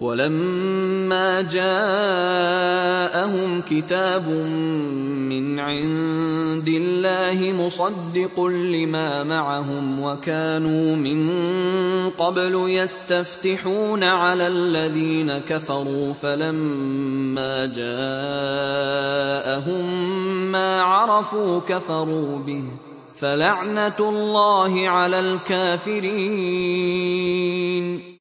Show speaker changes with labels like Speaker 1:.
Speaker 1: ولما جاءهم كتاب من عند الله مصدق لما معهم وكانوا من قبل يستفتحون على الذين كفروا فلما جاءهم ما عرفوا كفروا به فلعنه الله على الكافرين